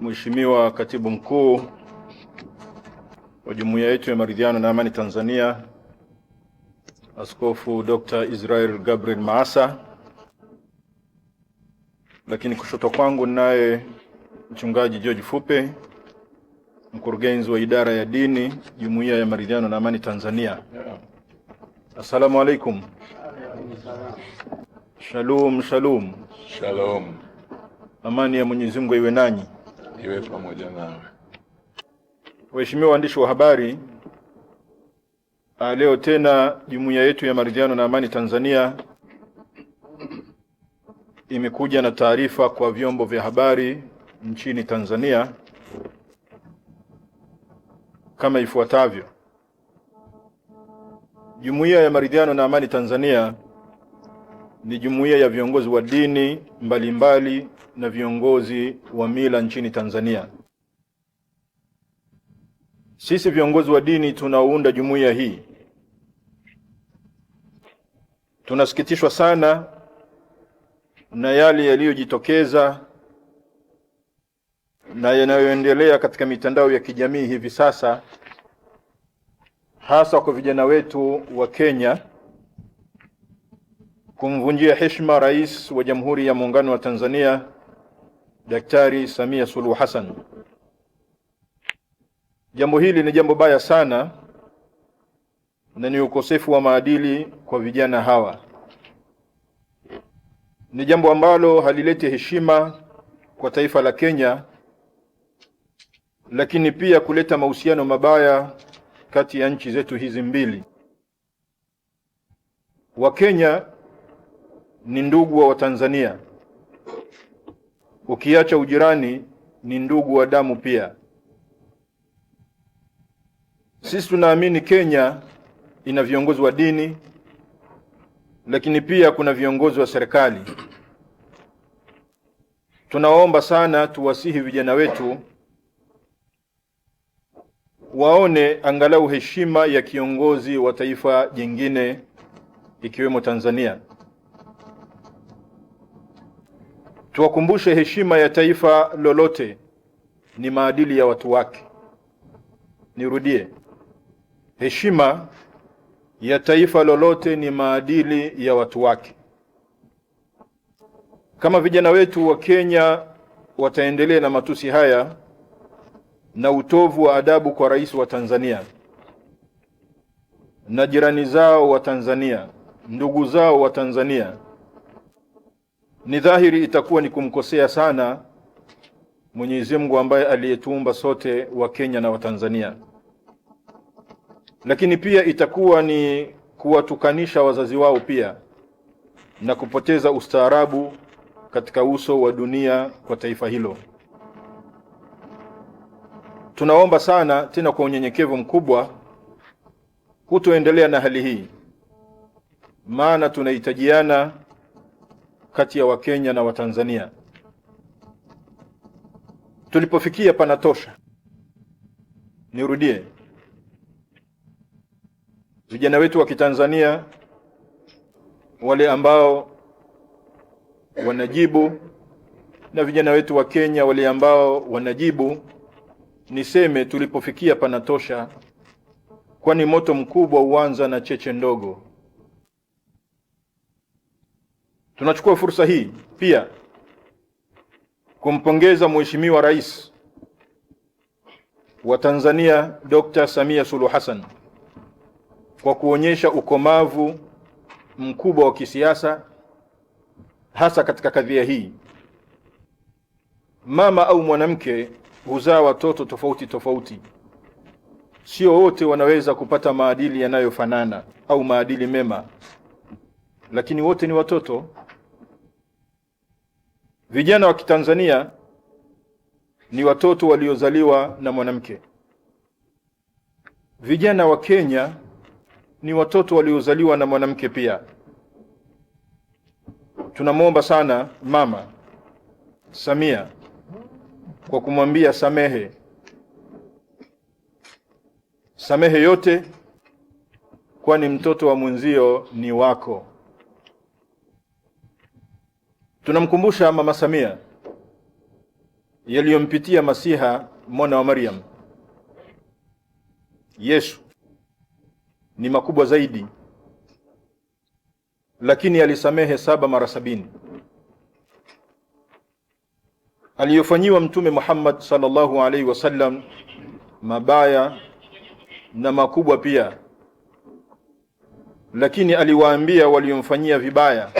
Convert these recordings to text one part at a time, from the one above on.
Mheshimiwa Katibu Mkuu wa Jumuiya yetu ya Maridhiano na Amani Tanzania, Askofu Dr. Israel Gabriel Maasa, lakini kushoto kwangu naye Mchungaji George Fupe, mkurugenzi wa idara ya dini, Jumuiya ya Maridhiano na Amani Tanzania. Assalamu alaikum. Shalom, shalom. Shalom. Amani ya Mwenyezi Mungu iwe nanyi iwe pamoja nawe. Waheshimiwa waandishi wa habari, ah, leo tena jumuiya yetu ya maridhiano na amani Tanzania imekuja na taarifa kwa vyombo vya habari nchini Tanzania kama ifuatavyo. Jumuiya ya maridhiano na amani Tanzania ni jumuiya ya viongozi wa dini mbalimbali mbali na viongozi wa mila nchini Tanzania. Sisi viongozi wa dini tunaunda jumuiya hii tunasikitishwa sana na yale yaliyojitokeza na yanayoendelea katika mitandao ya kijamii hivi sasa, hasa kwa vijana wetu wa Kenya kumvunjia heshima Rais wa Jamhuri ya Muungano wa Tanzania Daktari Samia Suluhu Hassan. Jambo hili ni jambo baya sana na ni ukosefu wa maadili kwa vijana hawa. Ni jambo ambalo halileti heshima kwa taifa la Kenya, lakini pia kuleta mahusiano mabaya kati ya nchi zetu hizi mbili. Wakenya ni ndugu wa Watanzania Ukiacha ujirani, ni ndugu wa damu pia. Sisi tunaamini Kenya ina viongozi wa dini, lakini pia kuna viongozi wa serikali. Tunaomba sana, tuwasihi vijana wetu waone angalau heshima ya kiongozi wa taifa jingine ikiwemo Tanzania. Tuwakumbushe heshima ya taifa lolote ni maadili ya watu wake. Nirudie, heshima ya taifa lolote ni maadili ya watu wake. Kama vijana wetu wa Kenya wataendelea na matusi haya na utovu wa adabu kwa rais wa Tanzania na jirani zao wa Tanzania, ndugu zao wa Tanzania ni dhahiri itakuwa ni kumkosea sana Mwenyezi Mungu ambaye aliyetuumba sote wa Kenya na Watanzania, lakini pia itakuwa ni kuwatukanisha wazazi wao pia na kupoteza ustaarabu katika uso wa dunia kwa taifa hilo. Tunaomba sana tena kwa unyenyekevu mkubwa kutoendelea na hali hii, maana tunahitajiana kati ya Wakenya na Watanzania. Tulipofikia panatosha. Nirudie, vijana wetu wa Kitanzania wale ambao wanajibu na vijana wetu wa Kenya wale ambao wanajibu, niseme tulipofikia panatosha, kwani moto mkubwa huanza na cheche ndogo. Tunachukua fursa hii pia kumpongeza Mheshimiwa Rais wa Tanzania Dr. Samia Suluhu Hassan kwa kuonyesha ukomavu mkubwa wa kisiasa hasa katika kadhia hii. Mama au mwanamke huzaa watoto tofauti tofauti, sio wote wanaweza kupata maadili yanayofanana au maadili mema, lakini wote ni watoto. Vijana wa Kitanzania ni watoto waliozaliwa na mwanamke. Vijana wa Kenya ni watoto waliozaliwa na mwanamke pia. Tunamwomba sana Mama Samia kwa kumwambia samehe, samehe yote, kwani mtoto wa mwenzio ni wako. Tunamkumbusha Mama Samia yaliyompitia Masiha mwana wa Maryam, Yesu, ni makubwa zaidi, lakini alisamehe saba mara sabini aliyofanyiwa Mtume Muhammad sallallahu alaihi wasallam, mabaya na makubwa pia, lakini aliwaambia waliomfanyia vibaya,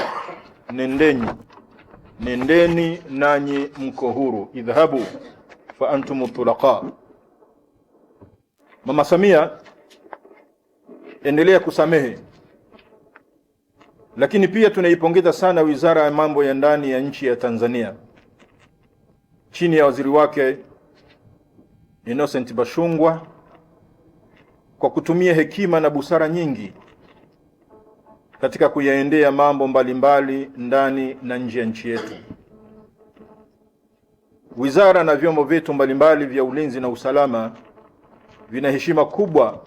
nendenyi nendeni nanyi mko huru, idhhabu fa antum tulaqa. Mama Samia, endelea kusamehe, lakini pia tunaipongeza sana Wizara ya Mambo ya Ndani ya nchi ya Tanzania chini ya waziri wake Innocent Bashungwa kwa kutumia hekima na busara nyingi katika kuyaendea mambo mbalimbali mbali, ndani na nje ya nchi yetu. Wizara na vyombo vyetu mbalimbali vya ulinzi na usalama vina heshima kubwa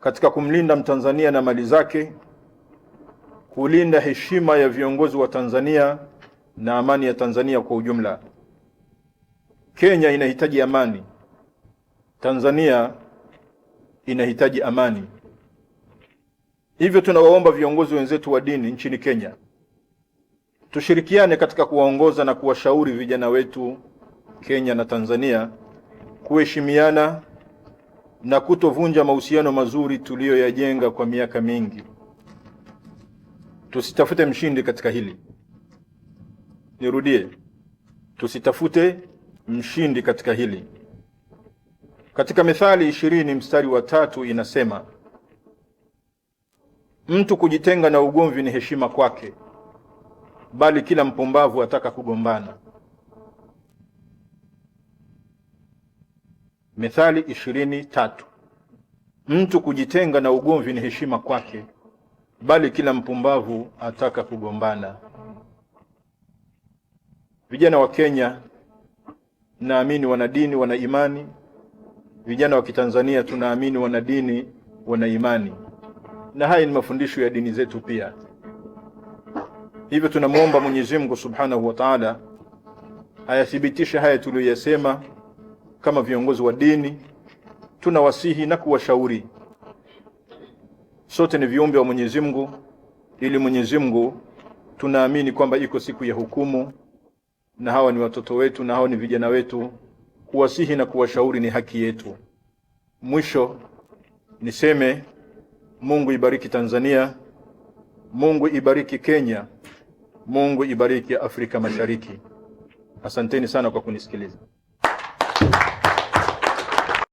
katika kumlinda Mtanzania na mali zake, kulinda heshima ya viongozi wa Tanzania na amani ya Tanzania kwa ujumla. Kenya inahitaji amani. Tanzania inahitaji amani. Hivyo tunawaomba viongozi wenzetu wa dini nchini Kenya tushirikiane katika kuwaongoza na kuwashauri vijana wetu Kenya na Tanzania kuheshimiana na kutovunja mahusiano mazuri tuliyoyajenga kwa miaka mingi. Tusitafute mshindi katika hili. Nirudie, tusitafute mshindi katika hili. Katika Methali ishirini mstari wa tatu inasema Mtu kujitenga na ugomvi ni heshima kwake, bali kila mpumbavu ataka kugombana. Methali ishirini tatu. Mtu kujitenga na ugomvi ni heshima kwake, bali kila mpumbavu ataka kugombana. Vijana wa Kenya naamini wana dini, wana imani. Vijana wa Kitanzania tunaamini wana dini, wana imani na haya ni mafundisho ya dini zetu pia. Hivyo tunamwomba Mwenyezi Mungu Subhanahu wa Ta'ala ayathibitishe haya tuliyoyasema. Kama viongozi wa dini, tunawasihi na kuwashauri, sote ni viumbe wa Mwenyezi Mungu, ili Mwenyezi Mungu tunaamini kwamba iko siku ya hukumu, na hawa ni watoto wetu na hawa ni vijana wetu. Kuwasihi na kuwashauri ni haki yetu. Mwisho niseme Mungu ibariki Tanzania, Mungu ibariki Kenya, Mungu ibariki Afrika Mashariki. Asanteni sana kwa kunisikiliza.